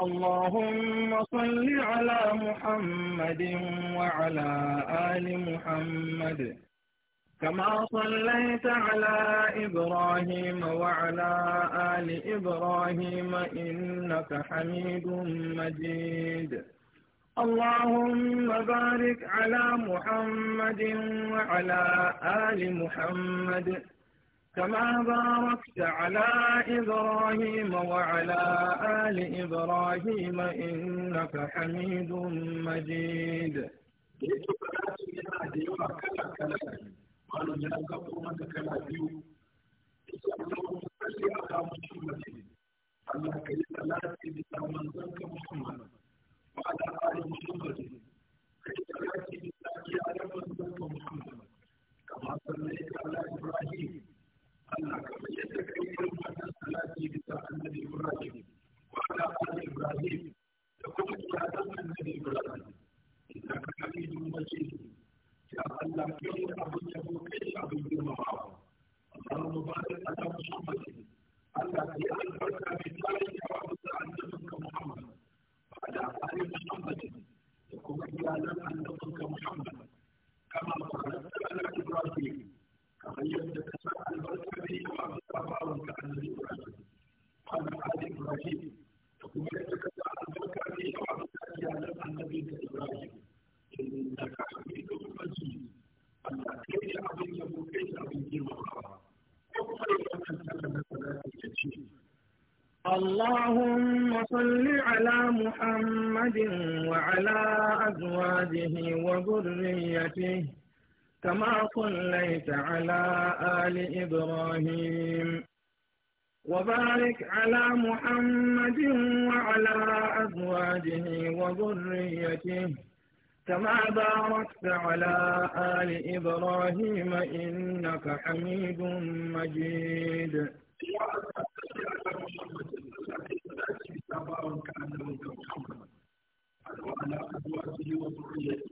اللهم صل على محمد وعلى آل محمد كما صليت على إبراهيم وعلى آل إبراهيم إنك حميد مجيد اللهم بارك على محمد وعلى آل محمد كما باركت على إبراهيم وعلى آل إبراهيم إنك حميد مجيد Allah ka yi salati bisa manzon ka Muhammad وعلى آله وصحبه آل محمد وكما يعلم أن ابنك محمد كما باركت على إبراهيم كما يتسع البركة به وعبد أباؤك عن إبراهيم وعلى آل إبراهيم وكما يتسع البركة به وعبد يعلم أن نبيك إبراهيم إنك حميد مجيد Allah kai ya abin yabo kai ya abin girmamawa. Kuma ya kasance da nasara ta ce. Allahumma صل على محمد وعلى أزواجه وذريته كما صليت على آل إبراهيم وبارك على محمد وعلى أزواجه وذريته كما باركت على آل إبراهيم إنك حميد مجيد كان كأنه كوكب ألوان أزواجه وذريته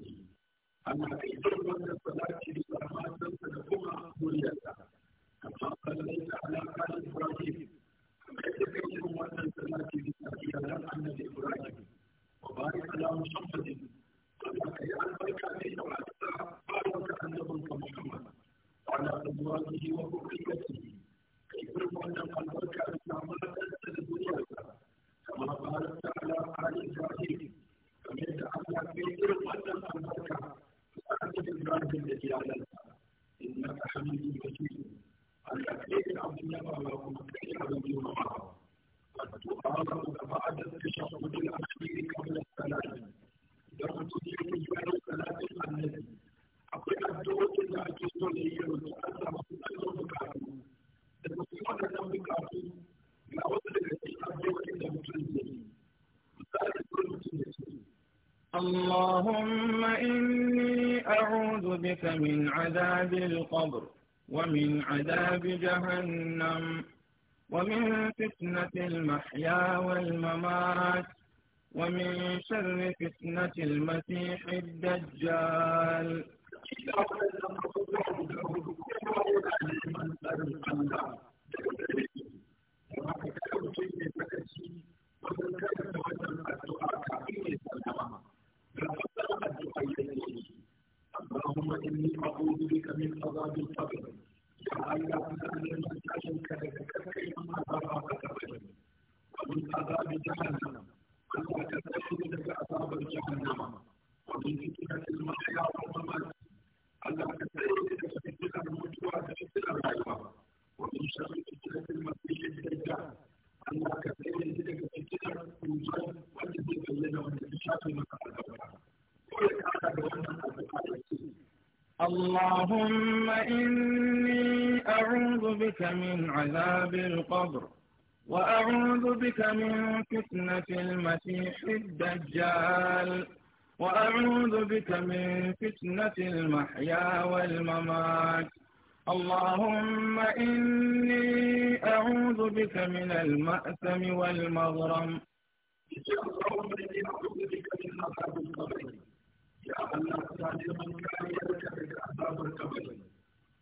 اللهم إني أعوذ بك من عذاب القبر ومن عذاب جهنم ومن فتنة المحيا والممات ومن شر فتنة المسيح الدجال اللهم إني أعوذ بك من عذاب القبر وأعوذ بك من فتنة المسيح الدجال وأعوذ بك من فتنة المحيا والممات اللهم إني أعوذ بك من المأثم والمغرم أعوذ بك من يا الله تعالى من كان يركب عذاب القبر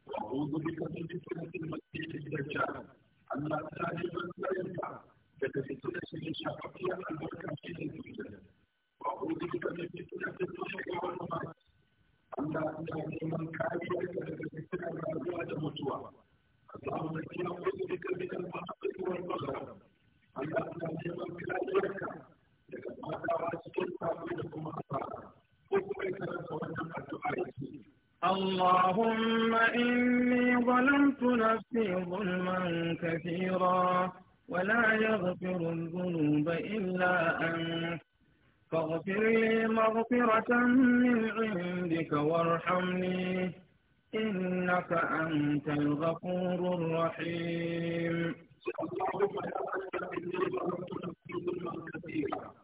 وأعوذ بك من فتنة المسيح الدجال الله تعالى من لا ينفع لك فتنة الشفقية البركة في الدنيا وأعوذ بك من فتنة الدنيا والممات الله تعالى من كان يركب فتنة الأموات متوى اللهم إني أعوذ بك من المناطق والمغرب الله تعالى من كان يركب لك ما دعا سلطة منكم أطاعه اللهم إني ظلمت نفسي ظلما كثيرا ولا يغفر الذنوب إلا أنت فاغفر لي مغفرة من عندك وارحمني إنك أنت الغفور الرحيم اللهم إني ظلمت نفسي ظلما كثيرا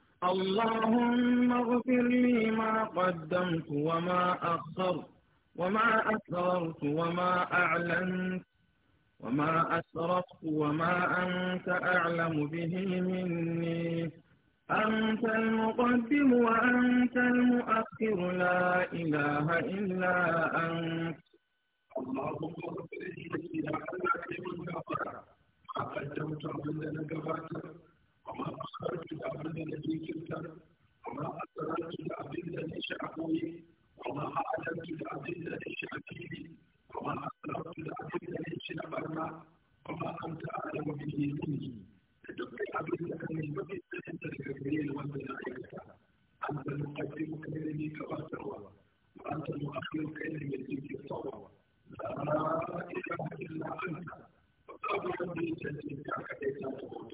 اللهم اغفر لي ما قدمت وما أخرت وما أسررت وما أعلنت وما أسرفت وما أنت أعلم به مني أنت المقدم وأنت المؤخر لا إله إلا أنت اللهم اغفر لي ما قدمت وما أخرت وما أخرجت لأبدا الذي كنت وما أسررت لأبدا الذي شعبوي وما أعلمت لأبدا الذي شعبيلي وما أسررت لأبدا الذي شعبنا وما أنت أعلم به مني لتبقي أبدا أن البقي أنت الكبير والملائكة أنت المقدم كلمي كما تروى وأنت المؤخر كلمي الذي تطوى لا إله إلا أنت وقبل أن تجدك كيف تقول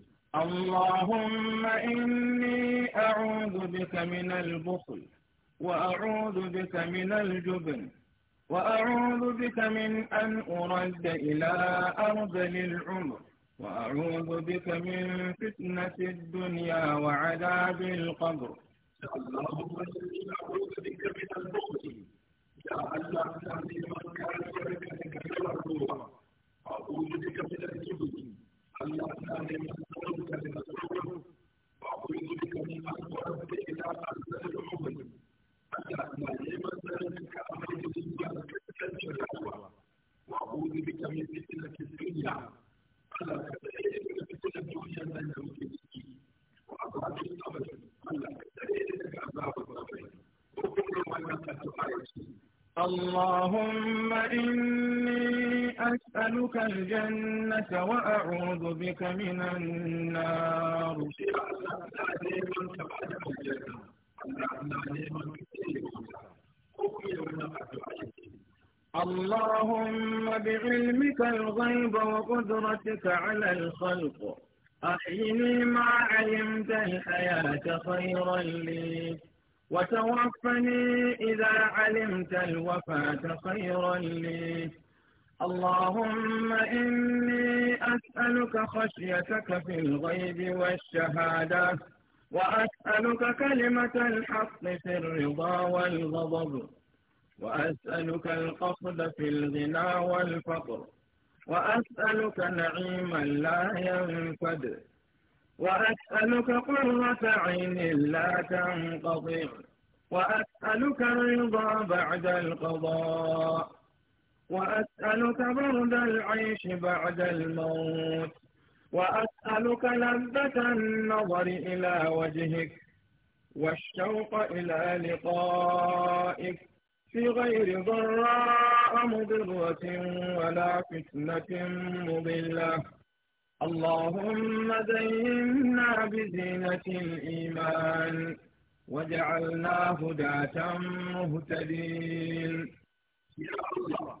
اللهم إني أعوذ بك من البخل وأعوذ بك من الجبن وأعوذ بك من أن أرد إلى أرذل العمر وأعوذ بك من فتنة الدنيا وعذاب القبر اللهم إني أعوذ بك من البخل يا الله من كان يبكى لك أعوذ بك من الجبن الله تعطي من ذلك لنسلكه وأعوذ بك من أن ترد إلى أرذل عمري ألا نعيما ذلك أمر الدنيا كتلك العدوى وأعوذ بك من فتنة الدنيا ألا كتلك من فتنة الدنيا من يوجدك وأضعف الصبر ألا كتلك عذاب الصبر وكل ما نفت آيتي اللهم إني أسألك الجنة وأعوذ بك من النار اللهم بعلمك الغيب وقدرتك على الخلق أحيني ما علمت الحياة خيرا لي وتوفني إذا علمت الوفاة خيرا لي اللهم إني أسألك خشيتك في الغيب والشهادة وأسألك كلمة الحق في الرضا والغضب وأسألك القصد في الغنى والفقر وأسألك نعيما لا ينفد وأسألك قرة عين لا تنقطع وأسألك الرضا بعد القضاء وأسألك برد العيش بعد الموت وأسألك لذة النظر إلى وجهك والشوق إلى لقائك في غير ضراء مضرة ولا فتنة مضلة اللهم زينا بزينة الإيمان وجعلنا هداة مهتدين يا الله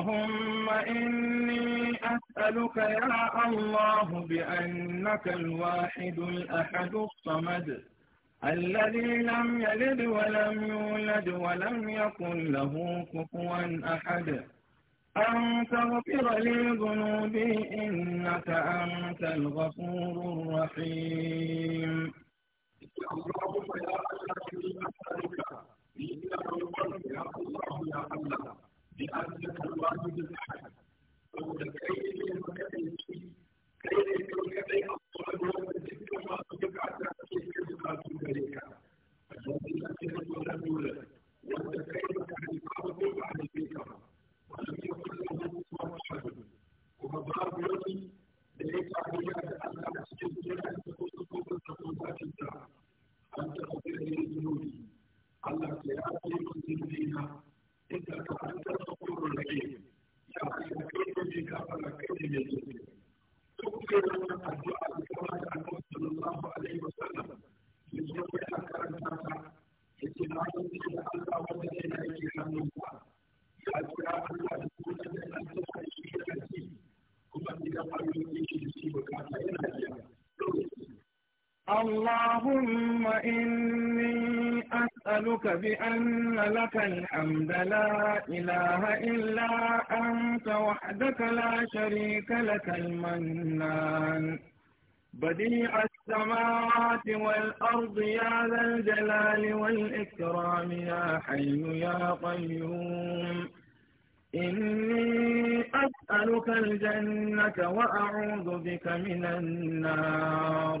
اللهم إني أسألك يا الله بأنك الواحد الأحد الصمد الذي لم يلد ولم يولد ولم يكن له كفوا أحد أن تغفر لي ذنوبي إنك أنت الغفور الرحيم اللهم يا الله يا الله يا الله لأنك الواجب الأحد فهو كيف يمكن كيف يمكن أفضل وذكر ما تبعث في كلمات اللهم إني أسألك بأن لك الحمد لا إله إلا أنت وحدك لا شريك لك المنان بديع السماوات والأرض يا ذا الجلال والإكرام يا حي يا قيوم إني أسألك الجنة وأعوذ بك من النار